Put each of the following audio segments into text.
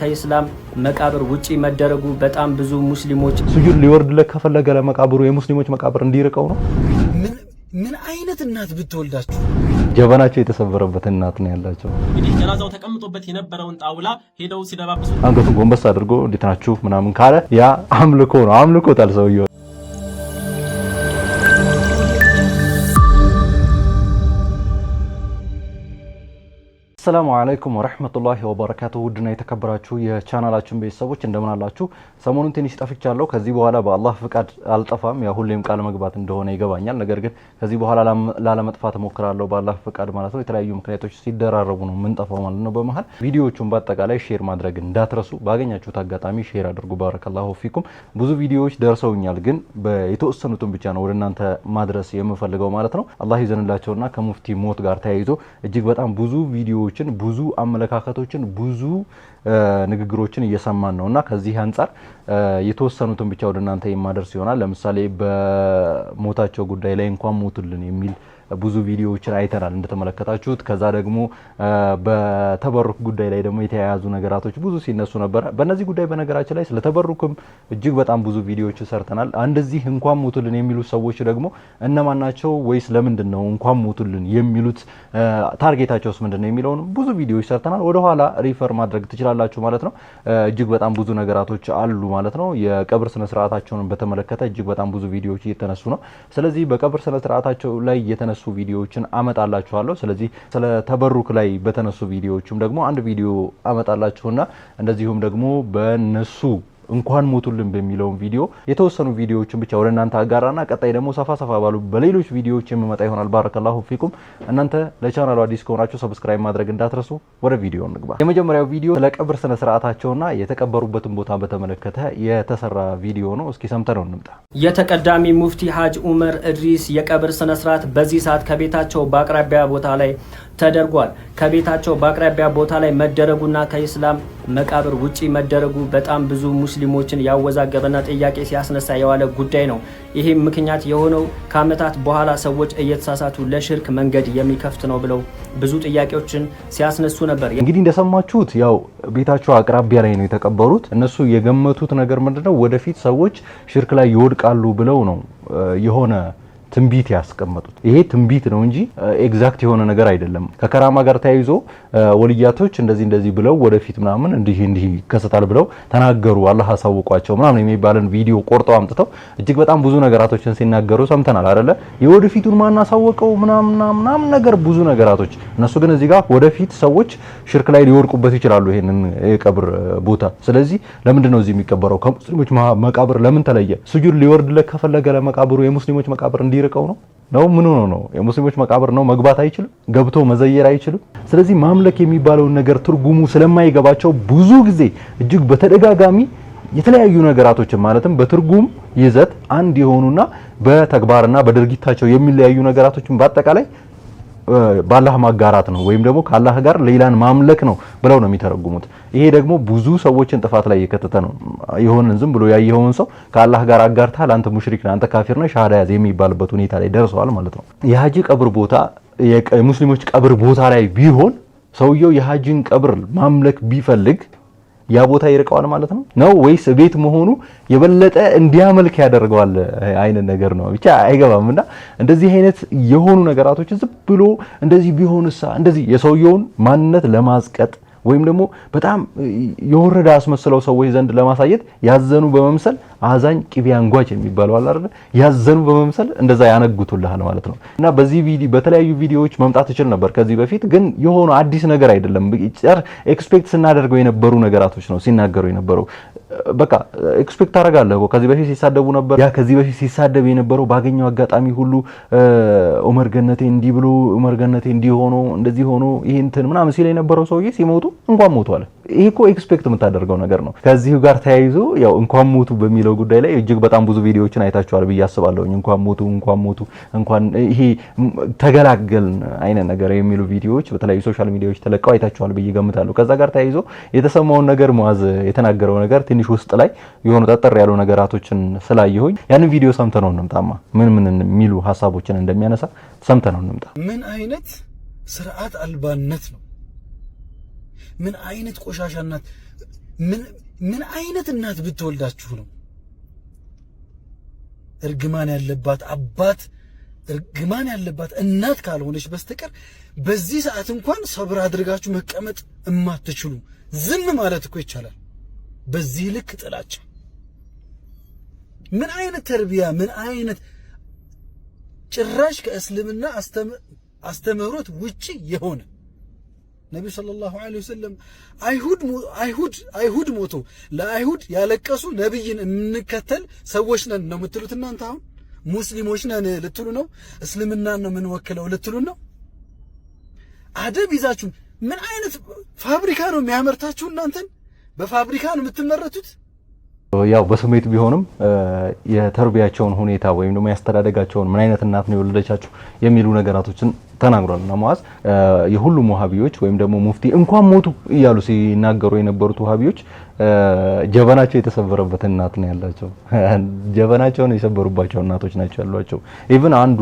ከኢስላም መቃብር ውጪ መደረጉ በጣም ብዙ ሙስሊሞች ስጁድ ሊወርድለት ከፈለገ ለመቃብሩ የሙስሊሞች መቃብር እንዲርቀው ነው። ምን አይነት እናት ብትወልዳችሁ ጀበናቸው የተሰበረበት እናት ነው ያላቸው። እንግዲህ ጀናዛው ተቀምጦበት የነበረውን ጣውላ ሄደው ሲደባብሱ አንገቱን ጎንበስ አድርጎ እንዴት ናችሁ ምናምን ካለ ያ አምልኮ ነው። አምልኮታል ሰውየው። አሰላሙ አለይኩም ወረህመቱላሂ ወበረካቱ። ውድና የተከበራችሁ የቻናላችን ቤተሰቦች እንደምን አላችሁ? ሰሞኑን ትንሽ ጠፍቻለሁ። ከዚህ በኋላ በአላህ ፍቃድ አልጠፋም። ያ ሁሌም ቃል መግባት እንደሆነ ይገባኛል። ነገር ግን ከዚህ በኋላ ላለመጥፋት እሞክራለሁ፣ በአላህ ፍቃድ ማለት ነው። የተለያዩ ምክንያቶች ሲደራረቡ ነው የምንጠፋው ማለት ነው። በመሀል ቪዲዮዎቹን በአጠቃላይ ሼር ማድረግ እንዳትረሱ። ባገኛችሁት አጋጣሚ ሼር አድርጉ። ባረከላሁ ፊኩም። ብዙ ቪዲዮዎች ደርሰውኛል፣ ግን የተወሰኑትን ብቻ ነው ወደ እናንተ ማድረስ የምፈልገው ማለት ነው። አላህ ይዘንላቸውና ከሙፍቲ ሞት ጋር ተያይዞ እጅግ በጣም ብዙ ቪዲዮዎች ነገሮችን ብዙ አመለካከቶችን ብዙ ንግግሮችን እየሰማን ነው እና ከዚህ አንጻር የተወሰኑትን ብቻ ወደ እናንተ የማደርስ ይሆናል። ለምሳሌ በሞታቸው ጉዳይ ላይ እንኳን ሞቱልን የሚል ብዙ ቪዲዮዎችን አይተናል እንደተመለከታችሁት። ከዛ ደግሞ በተበሩክ ጉዳይ ላይ ደግሞ የተያያዙ ነገራቶች ብዙ ሲነሱ ነበረ። በእነዚህ ጉዳይ በነገራችን ላይ ስለ ተበሩክም እጅግ በጣም ብዙ ቪዲዮዎች ሰርተናል። እንደዚህ እንኳን ሞቱልን የሚሉ ሰዎች ደግሞ እነማን ናቸው? ወይስ ለምንድን ነው እንኳን ሞቱልን የሚሉት? ታርጌታቸውስ ምንድን ነው የሚለውን ብዙ ቪዲዮዎች ሰርተናል። ወደኋላ ሪፈር ማድረግ ትችላላችሁ ማለት ነው። እጅግ በጣም ብዙ ነገራቶች አሉ ማለት ነው። የቀብር ስነ ስርዓታቸውን በተመለከተ እጅግ በጣም ብዙ ቪዲዮዎች እየተነሱ ነው። ስለዚህ በቀብር ስነ ስርዓታቸው ላይ እየተነሱ የተነሱ ቪዲዮዎችን አመጣላችኋለሁ። ስለዚህ ስለ ተበሩክ ላይ በተነሱ ቪዲዮዎችም ደግሞ አንድ ቪዲዮ አመጣላችሁና እንደዚሁም ደግሞ በነሱ እንኳን ሞቱልን በሚለውን ቪዲዮ የተወሰኑ ቪዲዮዎችን ብቻ ወደ እናንተ አጋራና ቀጣይ ደግሞ ሰፋ ሰፋ ባሉ በሌሎች ቪዲዮዎች የምመጣ ይሆናል። ባረከላሁ ፊኩም። እናንተ ለቻናሉ አዲስ ከሆናችሁ ሰብስክራይብ ማድረግ እንዳትረሱ። ወደ ቪዲዮ እንግባ። የመጀመሪያው ቪዲዮ ስለ ቀብር ስነ ስርዓታቸውና የተቀበሩበትን ቦታ በተመለከተ የተሰራ ቪዲዮ ነው። እስኪ ሰምተነው እንምጣ። የተቀዳሚ ሙፍቲ ሀጅ ኡመር እድሪስ የቀብር ስነ ስርዓት በዚህ ሰዓት ከቤታቸው በአቅራቢያ ቦታ ላይ ተደርጓል። ከቤታቸው በአቅራቢያ ቦታ ላይ መደረጉና ከኢስላም መቃብር ውጪ መደረጉ በጣም ብዙ ሙስሊሞችን ያወዛገበና ጥያቄ ሲያስነሳ የዋለ ጉዳይ ነው። ይህም ምክንያት የሆነው ከዓመታት በኋላ ሰዎች እየተሳሳቱ ለሽርክ መንገድ የሚከፍት ነው ብለው ብዙ ጥያቄዎችን ሲያስነሱ ነበር። እንግዲህ እንደሰማችሁት ያው ቤታቸው አቅራቢያ ላይ ነው የተቀበሩት። እነሱ የገመቱት ነገር ምንድነው? ወደፊት ሰዎች ሽርክ ላይ ይወድቃሉ ብለው ነው የሆነ ትንቢት ያስቀመጡት ይሄ ትንቢት ነው እንጂ ኤግዛክት የሆነ ነገር አይደለም። ከከራማ ጋር ተያይዞ ወልያቶች እንደዚህ እንደዚህ ብለው ወደፊት ምናምን እንዲህ እንዲህ ይከሰታል ብለው ተናገሩ፣ አላህ አሳውቋቸው ምናምን የሚባለን ቪዲዮ ቆርጠው አምጥተው እጅግ በጣም ብዙ ነገራቶችን ሲናገሩ ሰምተናል አይደለ? የወደፊቱን ማን አሳወቀው ምናምን ነገር ብዙ ነገራቶች። እነሱ ግን እዚህ ጋር ወደፊት ሰዎች ሽርክ ላይ ሊወድቁበት ይችላሉ ይሄንን የቀብር ቦታ። ስለዚህ ለምንድን ነው እዚህ የሚቀበረው? ከሙስሊሞች መቃብር ለምን ተለየ? ስጁድ ሊወርድለት ከፈለገ ለመቃብሩ የሙስሊሞች መቃብር እንዲ እንዲርቀው ነው ነው ምን ሆኖ ነው? የሙስሊሞች መቃብር ነው መግባት አይችልም? ገብቶ መዘየር አይችልም? ስለዚህ ማምለክ የሚባለውን ነገር ትርጉሙ ስለማይገባቸው ብዙ ጊዜ እጅግ በተደጋጋሚ የተለያዩ ነገራቶችን ማለትም በትርጉም ይዘት አንድ የሆኑና በተግባርና በድርጊታቸው የሚለያዩ ነገራቶችን በአጠቃላይ ባላህ ማጋራት ነው ወይም ደግሞ ካላህ ጋር ሌላን ማምለክ ነው ብለው ነው የሚተረጉሙት። ይሄ ደግሞ ብዙ ሰዎችን ጥፋት ላይ የከተተ ነው። የሆነን ዝም ብሎ ያየኸውን ሰው ከአላህ ጋር አጋርተሃል፣ አንተ ሙሽሪክ ነህ፣ አንተ ካፊር ነህ፣ ሻሃዳ ያዝ የሚባልበት ሁኔታ ላይ ደርሰዋል ማለት ነው። የሀጂ ቀብር ቦታ የሙስሊሞች ቀብር ቦታ ላይ ቢሆን ሰውየው የሀጂን ቀብር ማምለክ ቢፈልግ ያ ቦታ ይርቀዋል ማለት ነው ነው ወይስ ቤት መሆኑ የበለጠ እንዲያመልክ ያደርገዋል አይነት ነገር ነው። ብቻ አይገባም። እና እንደዚህ አይነት የሆኑ ነገራቶች ዝም ብሎ እንደዚህ ቢሆንሳ እንደዚህ የሰውየውን ማንነት ለማዝቀጥ ወይም ደግሞ በጣም የወረደ አስመስለው ሰዎች ዘንድ ለማሳየት ያዘኑ በመምሰል አዛኝ ቅቤ አንጓች የሚባለው አለ አይደል? ያዘኑ በመምሰል እንደዛ ያነጉቱልሃል ማለት ነው። እና በዚህ ቪዲዮ በተለያዩ ቪዲዮዎች መምጣት እችል ነበር ከዚህ በፊት ግን የሆነ አዲስ ነገር አይደለም። ኤክስፔክት ስናደርገው የነበሩ ነገራቶች ነው ሲናገሩ የነበረው በቃ ኤክስፔክት አደርጋለሁ። ከዚህ በፊት ሲሳደቡ ነበር። ያ ከዚህ በፊት ሲሳደብ የነበረው ባገኘው አጋጣሚ ሁሉ ኡመር ገነቴ እንዲህ ብሎ ኡመር ገነቴ እንዲህ ሆኖ እንደዚህ ሆኖ ይሄ እንትን ምናምን ሲል የነበረው ሰውዬ ሲሞቱ እንኳን ሞቷል። ይሄ እኮ ኤክስፔክት የምታደርገው ነገር ነው። ከዚሁ ጋር ተያይዞ ያው እንኳን ሞቱ በሚለው ጉዳይ ላይ እጅግ በጣም ብዙ ቪዲዮዎችን አይታችኋል ብዬ አስባለሁኝ። እንኳን ሞቱ፣ እንኳን ሞቱ፣ እንኳን ይሄ ተገላገልን አይነት ነገር የሚሉ ቪዲዮዎች በተለያዩ ሶሻል ሚዲያዎች ተለቀው አይታችኋል ብዬ ገምታለሁ። ከዛ ጋር ተያይዞ የተሰማውን ነገር ሙአዝ የተናገረው ነገር ትንሽ ውስጥ ላይ የሆኑ ጠጠር ያሉ ነገራቶችን ስላየሁኝ ያንን ቪዲዮ ሰምተነው እንምጣማ ምን ምን የሚሉ ሀሳቦችን እንደሚያነሳ ሰምተነው እንምጣ። ምን አይነት ስርዓት አልባነት ነው ምን አይነት ቆሻሻ እናት ምን አይነት እናት ብትወልዳችሁ ነው እርግማን ያለባት አባት እርግማን ያለባት እናት ካልሆነች በስተቀር በዚህ ሰዓት እንኳን ሰብር አድርጋችሁ መቀመጥ እማትችሉ ዝም ማለት እኮ ይቻላል። በዚህ ልክ ጥላቻ፣ ምን አይነት ተርቢያ፣ ምን አይነት ጭራሽ ከእስልምና አስተምህሮት ውጪ የሆነ ነቢዩ ሰለላሁ ዐለይሂ ወሰለም አይሁድ አይሁድ ሞቶ ለአይሁድ ያለቀሱ ነቢይን የምንከተል ሰዎች ነን ነው የምትሉት እናንተ አሁን ሙስሊሞች ነን ልትሉ ነው እስልምናን ነው የምንወክለው ልትሉ ነው አደብ ይዛችሁ ምን አይነት ፋብሪካ ነው የሚያመርታችሁ እናንተን በፋብሪካ ነው የምትመረቱት ያው በስሜት ቢሆንም የተርቢያቸውን ሁኔታ ወይም ደግሞ ያስተዳደጋቸውን ምን አይነት እናት ነው የወለደቻችሁ የሚሉ ነገራቶችን ተናግሯል። እና ሙዓዝ የሁሉም ውሃቢዎች ወይም ደግሞ ሙፍቲ እንኳን ሞቱ እያሉ ሲናገሩ የነበሩት ውሃቢዎች ጀበናቸው የተሰበረበት እናት ነው ያላቸው። ጀበናቸውን የሰበሩባቸው እናቶች ናቸው ያሏቸው። ኢቭን አንዱ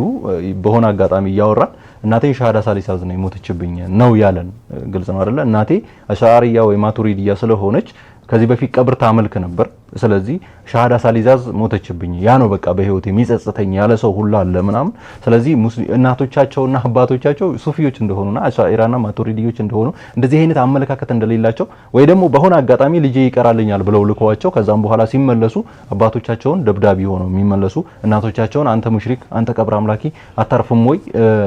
በሆነ አጋጣሚ እያወራን እናቴ ሻሃዳ ሳሊሳዝ ነው የሞተችብኝ ነው ያለን። ግልጽ ነው አይደለ? እናቴ አሻሪያ ወይ ማቱሪዲያ ስለሆነች ከዚህ በፊት ቀብር ታመልክ ነበር ስለዚህ ሻሃዳ ሳሊዛዝ ሞተችብኝ፣ ያ ነው በቃ በህይወት የሚጸጽተኝ ያለ ሰው ሁሉ አለ ምናምን። ስለዚህ እናቶቻቸውና አባቶቻቸው ሱፊዎች እንደሆኑና አሻኢራና ማቱሪዲዎች እንደሆኑ እንደዚህ አይነት አመለካከት እንደሌላቸው ወይ ደግሞ በሆነ አጋጣሚ ልጄ ይቀራልኛል ብለው ልከዋቸው ከዛም በኋላ ሲመለሱ አባቶቻቸውን ደብዳቤ ሆነው የሚመለሱ እናቶቻቸውን አንተ ሙሽሪክ፣ አንተ ቀብር አምላኪ አታርፍም ወይ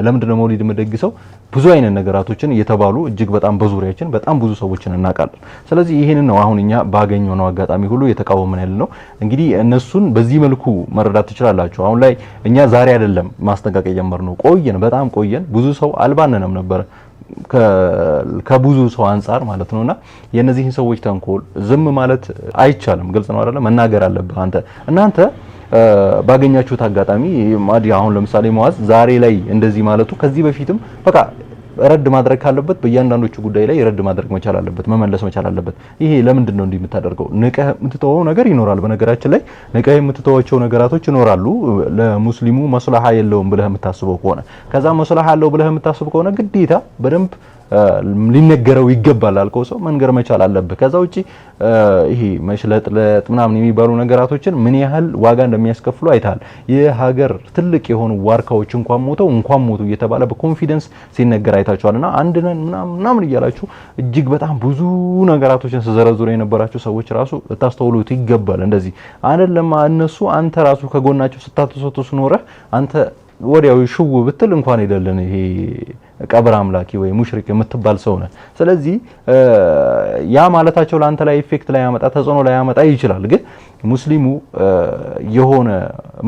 ለምንድነው መውሊድ የምደግሰው ብዙ አይነት ነገራቶችን እየተባሉ እጅግ በጣም በዙሪያችን በጣም ብዙ ሰዎችን እናውቃለን። ስለዚህ ይህንን ነው አሁን እኛ ባገኘነው አጋጣሚ ሁሉ የተቃወ የቀረበው ምን ያህል ነው። እንግዲህ እነሱን በዚህ መልኩ መረዳት ትችላላችሁ። አሁን ላይ እኛ ዛሬ አይደለም ማስጠንቀቅ የጀመርነው፣ ቆየን፣ በጣም ቆየን። ብዙ ሰው አልባነንም ነበረ ከብዙ ሰው አንጻር ማለት ነውና የነዚህን ሰዎች ተንኮል ዝም ማለት አይቻልም። ግልጽ ነው አይደለም? መናገር አለብህ አንተ እናንተ ባገኛችሁት አጋጣሚ ማዲ አሁን ለምሳሌ መዋዝ ዛሬ ላይ እንደዚህ ማለቱ ከዚህ በፊትም በቃ ረድ ማድረግ ካለበት በእያንዳንዶቹ ጉዳይ ላይ ረድ ማድረግ መቻል አለበት፣ መመለስ መቻል አለበት። ይሄ ለምንድን ነው እንዲህ የምታደርገው? ንቀህ የምትተወው ነገር ይኖራል። በነገራችን ላይ ንቀህ የምትተዋቸው ነገራቶች ይኖራሉ። ለሙስሊሙ መስላሃ የለውም ብለህ የምታስበው ከሆነ ከዛ መስላሃ አለው ብለህ የምታስብ ከሆነ ግዴታ በደንብ ሊነገረው ይገባል። አልከው ሰው መንገር መቻል አለብህ። ከዛ ውጪ ይሄ መሽለጥለጥ ምናምን የሚባሉ ነገራቶችን ምን ያህል ዋጋ እንደሚያስከፍሉ አይተሃል። የሀገር ትልቅ የሆኑ ዋርካዎች እንኳን ሞተው እንኳን ሞቱ እየተባለ በኮንፊደንስ ሲነገር አይታችኋል። እና አንድ ነን ምናምን እያላችሁ እጅግ በጣም ብዙ ነገራቶችን ስዘረዝሩ የነበራችሁ ሰዎች ራሱ ልታስተውሉት ይገባል። እንደዚህ አይደለም እነሱ አንተ ራሱ ከጎናቸው ስታተሰቱ ስኖረህ አንተ ወዲያው ሽው ብትል እንኳን ይደልን ይሄ ቀብር አምላኪ ወይ ሙሽሪክ የምትባል ሰው ነህ። ስለዚህ ያ ማለታቸው ለአንተ ላይ ኢፌክት ላይ ያመጣ ተጽዕኖ ላይ ያመጣ ይችላል ግን ሙስሊሙ የሆነ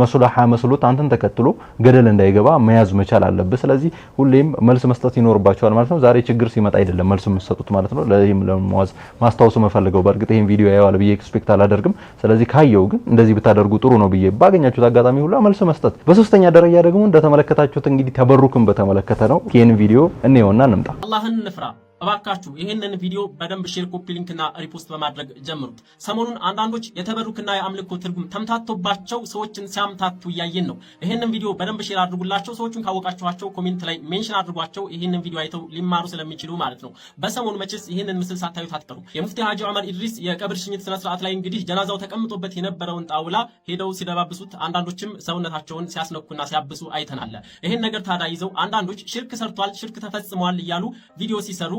መስላሓ መስሎት አንተን ተከትሎ ገደል እንዳይገባ መያዝ መቻል አለበት። ስለዚህ ሁሌም መልስ መስጠት ይኖርባቸዋል ማለት ነው። ዛሬ ችግር ሲመጣ አይደለም መልስ የምትሰጡት ማለት ነው። ለዚህም ለመዋዝ ማስታወሱ መፈልገው በእርግጥ ይህን ቪዲዮ ያየዋል ብዬ ኤክስፔክት አላደርግም። ስለዚህ ካየው ግን እንደዚህ ብታደርጉ ጥሩ ነው ብዬ ባገኛችሁት አጋጣሚ ሁሉ መልስ መስጠት። በሶስተኛ ደረጃ ደግሞ እንደተመለከታችሁት እንግዲህ ተበሩክን በተመለከተ ነው። ይህን ቪዲዮ እንየውና እንምጣ። አላህን እንፍራ እባካችሁ ይህንን ቪዲዮ በደንብ ሼር፣ ኮፒ ሊንክና ሪፖስት በማድረግ ጀምሩት። ሰሞኑን አንዳንዶች የተበሩክና የአምልኮ ትርጉም ተምታቶባቸው ሰዎችን ሲያምታቱ እያየን ነው። ይህንን ቪዲዮ በደንብ ሼር አድርጉላቸው። ሰዎቹን ካወቃችኋቸው ኮሜንት ላይ ሜንሽን አድርጓቸው። ይህንን ቪዲዮ አይተው ሊማሩ ስለሚችሉ ማለት ነው። በሰሞኑ መቼስ ይህንን ምስል ሳታዩት አትቀሩ። የሙፍቲ ሀጂ ዑመር ኢድሪስ የቀብር ሽኝት ስነስርዓት ላይ እንግዲህ ጀናዛው ተቀምጦበት የነበረውን ጣውላ ሄደው ሲደባብሱት አንዳንዶችም ሰውነታቸውን ሲያስነኩና ሲያብሱ አይተናል። ይህን ነገር ታዲያ ይዘው አንዳንዶች ሽርክ ሰርቷል፣ ሽርክ ተፈጽሟል እያሉ ቪዲዮ ሲሰሩ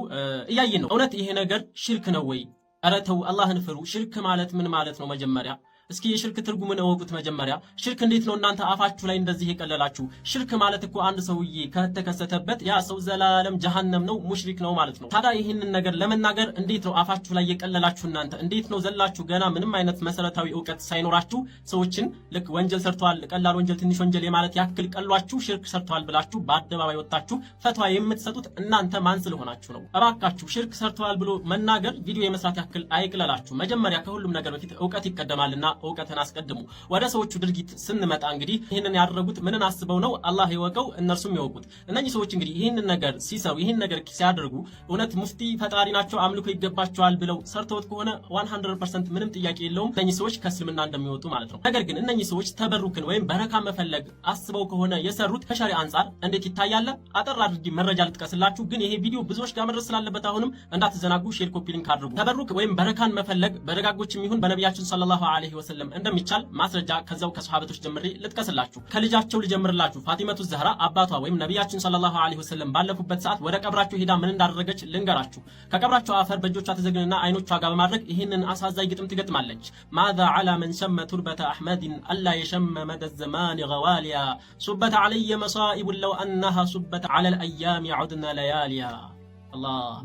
እያየን ነው። እውነት ይሄ ነገር ሽርክ ነው ወይ? ኧረ ተው፣ አላህን ፍሩ። ሽርክ ማለት ምን ማለት ነው? መጀመሪያ እስኪ የሽርክ ትርጉምን እወቁት። መጀመሪያ ሽርክ እንዴት ነው እናንተ አፋችሁ ላይ እንደዚህ የቀለላችሁ? ሽርክ ማለት እኮ አንድ ሰውዬ ከተከሰተበት ያ ሰው ዘላለም ጀሃነም ነው፣ ሙሽሪክ ነው ማለት ነው። ታዲያ ይህንን ነገር ለመናገር እንዴት ነው አፋችሁ ላይ የቀለላችሁ? እናንተ እንዴት ነው ዘላችሁ ገና ምንም አይነት መሰረታዊ እውቀት ሳይኖራችሁ ሰዎችን ልክ ወንጀል ሰርተዋል፣ ቀላል ወንጀል፣ ትንሽ ወንጀል የማለት ያክል ቀሏችሁ፣ ሽርክ ሰርተዋል ብላችሁ በአደባባይ ወጣችሁ ፈትዋ የምትሰጡት እናንተ ማን ስለሆናችሁ ነው? እባካችሁ ሽርክ ሰርተዋል ብሎ መናገር ቪዲዮ የመስራት ያክል አይቅለላችሁ። መጀመሪያ ከሁሉም ነገር በፊት እውቀት ይቀደማልና እውቀትን አስቀድሙ። ወደ ሰዎቹ ድርጊት ስንመጣ እንግዲህ ይህንን ያደረጉት ምንን አስበው ነው? አላህ ይወቀው፣ እነርሱም ይወቁት። እነኚህ ሰዎች እንግዲህ ይህንን ነገር ሲሰሩ ይህን ነገር ሲያደርጉ እውነት ሙፍቲ ፈጣሪ ናቸው፣ አምልኮ ይገባቸዋል ብለው ሰርተውት ከሆነ 100% ምንም ጥያቄ የለውም እነኚህ ሰዎች ከእስልምና እንደሚወጡ ማለት ነው። ነገር ግን እነኚህ ሰዎች ተበሩክን ወይም በረካ መፈለግ አስበው ከሆነ የሰሩት ከሸሪ አንጻር እንዴት ይታያል አጠር አድርጌ መረጃ ልጥቀስላችሁ። ግን ይሄ ቪዲዮ ብዙዎች ጋር መድረስ ስላለበት አሁንም እንዳትዘናጉ ሼር፣ ኮፒ ሊንክ አድርጉ። ተበሩክ ወይም በረካን መፈለግ በደጋጎችም ይሁን በነቢያችን ሰለላሁ ዐለይሂ ወሰለም እንደሚቻል ማስረጃ ከዛው ከሰሃበቶች ጀምሬ ልጥቀስላችሁ። ከልጃቸው ልጀምርላችሁ። ፋቲመቱ ዘህራ አባቷ ወይም ነቢያችን ሰለላሁ ዐለይሂ ወሰለም ባለፉበት ሰዓት ወደ ቀብራቸው ሄዳ ምን እንዳደረገች ልንገራችሁ። ከቀብራቸው አፈር በእጆቿ ተዘግንና አይኖቿ ጋር በማድረግ ይህንን አሳዛኝ ግጥም ትገጥማለች። ማዛ ዐላ መን ሸመ ቱርበተ አሕመድን አላ የሸመ መደ ዘማን ገዋልያ ሱበት ዐለየ መሳኢቡን ለው አናሃ ሱበት ዐለል አያሚ ዑድና ለያልያ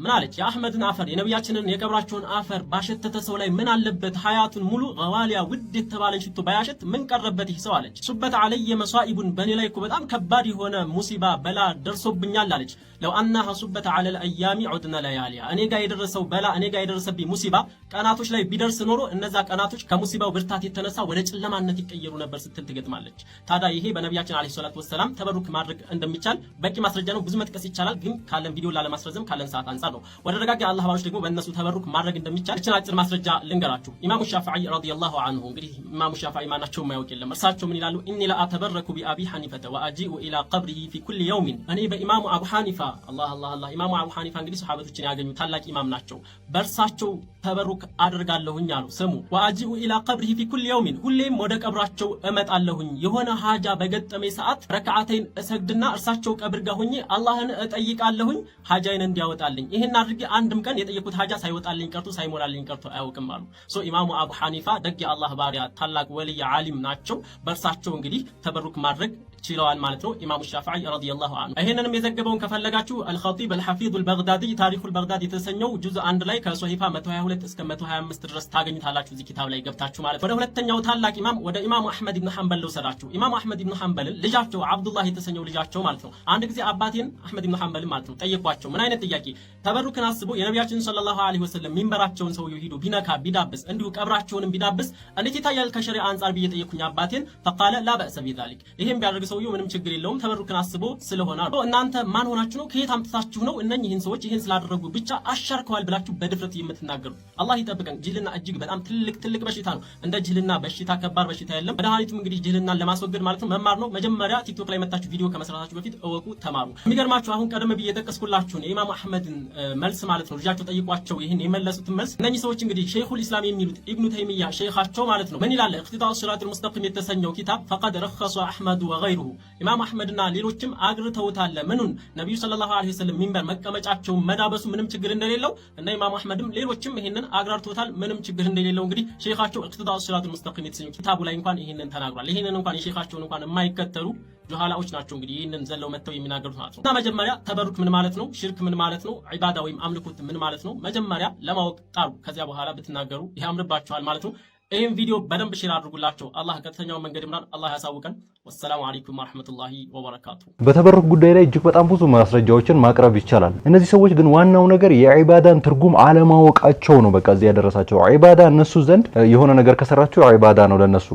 ምን አለች? የአህመድን አፈር የነቢያችንን የቀብራቸውን አፈር ባሸተተ ሰው ላይ ምን አለበት? ሀያቱን ሙሉ ዋሊያ ውድ የተባለን ሽቶ ባያሸት ምን ቀረበት ይህ ሰው አለች። ሱበት አለየ መሷኢቡን በእኔ ላይ እኮ በጣም ከባድ የሆነ ሙሲባ በላ ደርሶብኛል አለች። ለው አናሃ ሱበት አለ ልአያሚ ዑድነ ለያሊያ እኔ ጋር የደረሰው በላ እኔ ጋር የደረሰብኝ ሙሲባ ቀናቶች ላይ ቢደርስ ኖሮ እነዛ ቀናቶች ከሙሲባው ብርታት የተነሳ ወደ ጨለማነት ይቀየሩ ነበር ስትል ትገጥማለች። ታዲያ ይሄ በነቢያችን ዓለይሂ ሰላቱ ወሰላም ተበሩክ ማድረግ እንደሚቻል በቂ ማስረጃ ነው። ብዙ መጥቀስ ይቻላል፣ ግን ካለን ቪዲዮ ላለማስረዘም ካለን ሰዓት አንጻር ነው። ወደ ደጋግ የአላህ ባሮች ደግሞ በእነሱ ተበሩክ ማድረግ እንደሚቻል እችን አጭር ማስረጃ ልንገራችሁ። ኢማሙ ሻፍዒ ረዲየላሁ አንሁ እንግዲህ ኢማሙ ሻፍዒ ማናቸው የማያውቅ የለም። እርሳቸው ምን ይላሉ? እኒ ለአተበረኩ ቢአቢ ሐኒፈተ ወአጂኡ ኢላ ቀብሪሂ ፊ ኩሊ የውሚን። እኔ በኢማሙ አቡ ሐኒፋ አላህ አላህ አላህ። ኢማሙ አቡ ሐኒፋ እንግዲህ ሰሓበቶችን ያገኙ ታላቅ ኢማም ናቸው። በእርሳቸው ተበሩክ አድርጋለሁኝ አሉ። ስሙ ወአጂኡ ኢላ ቀብሪሂ ፊ ኩሊ የውሚን፣ ሁሌም ወደ ቀብራቸው እመጣለሁኝ የሆነ ሀጃ በገጠመኝ ሰዓት ረክዓተይን እሰግድና እርሳቸው ቀብር ጋር ሆኜ አላህን እጠይቃለሁኝ ሀጃይን እንዲያ ሳይወጣልኝ ይሄን አድርጌ አንድም ቀን የጠየኩት ሀጃ ሳይወጣልኝ ቀርቶ ሳይሞላልኝ ቀርቶ አያውቅም አሉ። ሶ ኢማሙ አቡ ሐኒፋ ደግ የአላህ ባሪያ ታላቅ ወልይ ዓሊም ናቸው። በእርሳቸው እንግዲህ ተበሩክ ማድረግ ችለዋል ማለት ነው። ኢማሙ ሻፍዒ ረዲየላሁ አንሁ ይህንንም የዘገበውን ከፈለጋችሁ አልኸጢብ አልሐፊዝ አልበግዳዲ ታሪኩ አልበግዳዲ የተሰኘው ጁዝ አንድ ላይ ከሶሂፋ 122 እስከ 125 ድረስ ታገኙታላችሁ። እዚህ ኪታብ ላይ ገብታችሁ ማለት ወደ ሁለተኛው ታላቅ ኢማም ወደ ኢማሙ አሕመድ ብን ሐንበል ልውሰዳችሁ። ኢማሙ አሕመድ ብን ሐንበል ልጃቸው አብዱላህ የተሰኘው ልጃቸው ማለት ነው። አንድ ጊዜ አባቴን አሕመድ ብን ሐንበል ማለት ነው ጠየኳቸው። ምን አይነት ጥያቄ ተበሩክን አስቦ የነቢያችን ሰለላሁ ዐለይሂ ወሰለም ሚንበራቸውን ሰውየው ሂዶ ቢነካ ቢዳብስ፣ እንዲሁ ቀብራቸውንም ቢዳብስ እንዴት ይታያል ከሸሪዓ አንጻር ብዬ ጠየኩኝ አባቴን። ፈቃለ ላ በእሰ ቢዛሊክ ይህም ቢያደርግ ሰውየው ምንም ችግር የለውም ተበሩክን አስቦ ስለሆነ አሉ። እናንተ ማን ሆናችሁ ነው? ከየት አምጥታችሁ ነው እነኚህን ሰዎች ይህን ስላደረጉ ብቻ አሻርከዋል ብላችሁ በድፍረት የምትናገሩት? አላህ ይጠብቀን። ጅልና እጅግ በጣም ትልቅ ትልቅ በሽታ ነው። እንደ ጅልና በሽታ ከባድ በሽታ የለም። መድኃኒቱም እንግዲህ ጅልናን ለማስወገድ ማለት ነው መማር ነው። መጀመሪያ ቲክቶክ ላይ መታችሁ ቪዲዮ ከመስራታችሁ በፊት እወቁ፣ ተማሩ። የሚገርማችሁ አሁን ቀደም ብዬ የጠቀስኩላችሁን የኢማም አህመድን መልስ ማለት ነው ልጃቸው ጠይቋቸው ይህን የመለሱትን መልስ እነኚህ ሰዎች እንግዲህ ሼኹል ኢስላም የሚሉት ኢብኑ ተይሚያ ሼኻቸው ማለት ነው ምን ይላል ኢኽቲጣ ሲራጢል ሙስተቂም የተሰኘው ኪታብ ፈቀድ ረኸሱ አህመድ ወገይሩ ዐንሁ ኢማም አሕመድና ሌሎችም አግርተውታል። ምኑን ነቢዩ ሰለላሁ ዐለይሂ ወሰለም ሚንበር መቀመጫቸውን መዳበሱ ምንም ችግር እንደሌለው እና ኢማም አሕመድም ሌሎችም ይህንን አግራርተውታል ምንም ችግር እንደሌለው እንግዲህ ሼኻቸው ኢቅትዳ ሲራቱል ሙስተቂም የተሰኘው ኪታቡ ላይ እንኳን ይህንን ተናግሯል። ይህንን እንኳን የሼኻቸውን እንኳን የማይከተሉ ጆሃላዎች ናቸው እንግዲህ ይህንን ዘለው መጥተው የሚናገሩት ማለት ነው። እና መጀመሪያ ተበሩክ ምን ማለት ነው? ሽርክ ምን ማለት ነው? ዒባዳ ወይም አምልኮት ምን ማለት ነው? መጀመሪያ ለማወቅ ጣሩ። ከዚያ በኋላ ብትናገሩ ያምርባችኋል ማለት ነው። ይህም ቪዲዮ በደንብ ሼር አድርጉላቸው። አላህ ቀጥተኛው መንገድ ምናል አላህ ያሳውቀን። ወሰላሙ አለይኩም ወራህመቱላሂ ወበረካቱ። በተበረኩ ጉዳይ ላይ እጅግ በጣም ብዙ ማስረጃዎችን ማቅረብ ይቻላል። እነዚህ ሰዎች ግን ዋናው ነገር የዒባዳን ትርጉም አለማወቃቸው ነው። በቃ እዚህ ያደረሳቸው ዒባዳ እነሱ ዘንድ የሆነ ነገር ከሰራችሁ ዒባዳ ነው ለነሱ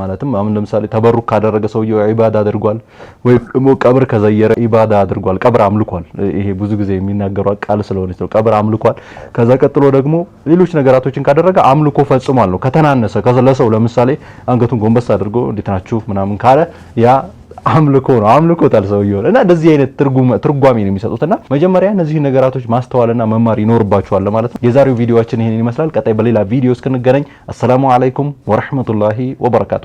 ማለትም አሁን ለምሳሌ ተበሩክ ካደረገ ሰውየው ኢባዳ አድርጓል፣ ወይም ቀብር ከዘየረ ኢባዳ አድርጓል፣ ቀብር አምልኳል። ይሄ ብዙ ጊዜ የሚናገሩ ቃል ስለሆነ ነው። ቀብር አምልኳል። ከዛ ቀጥሎ ደግሞ ሌሎች ነገራቶችን ካደረገ አምልኮ ፈጽሟል ነው። ከተናነሰ ለሰው ለምሳሌ አንገቱን ጎንበስ አድርጎ እንዴት ናችሁ ምናምን ካለ ያ አምልኮ ነው። አምልኮታል ሰውየው እና እንደዚህ አይነት ትርጓሜ ነው የሚሰጡት። እና መጀመሪያ እነዚህን ነገራቶች ማስተዋልና መማር ይኖርባቸዋል ማለት ነው። የዛሬው ቪዲዮችን ይሄን ይመስላል። ቀጣይ በሌላ ቪዲዮ እስክንገናኝ አሰላሙ አለይኩም ወረህመቱላሂ ወበረካቱ።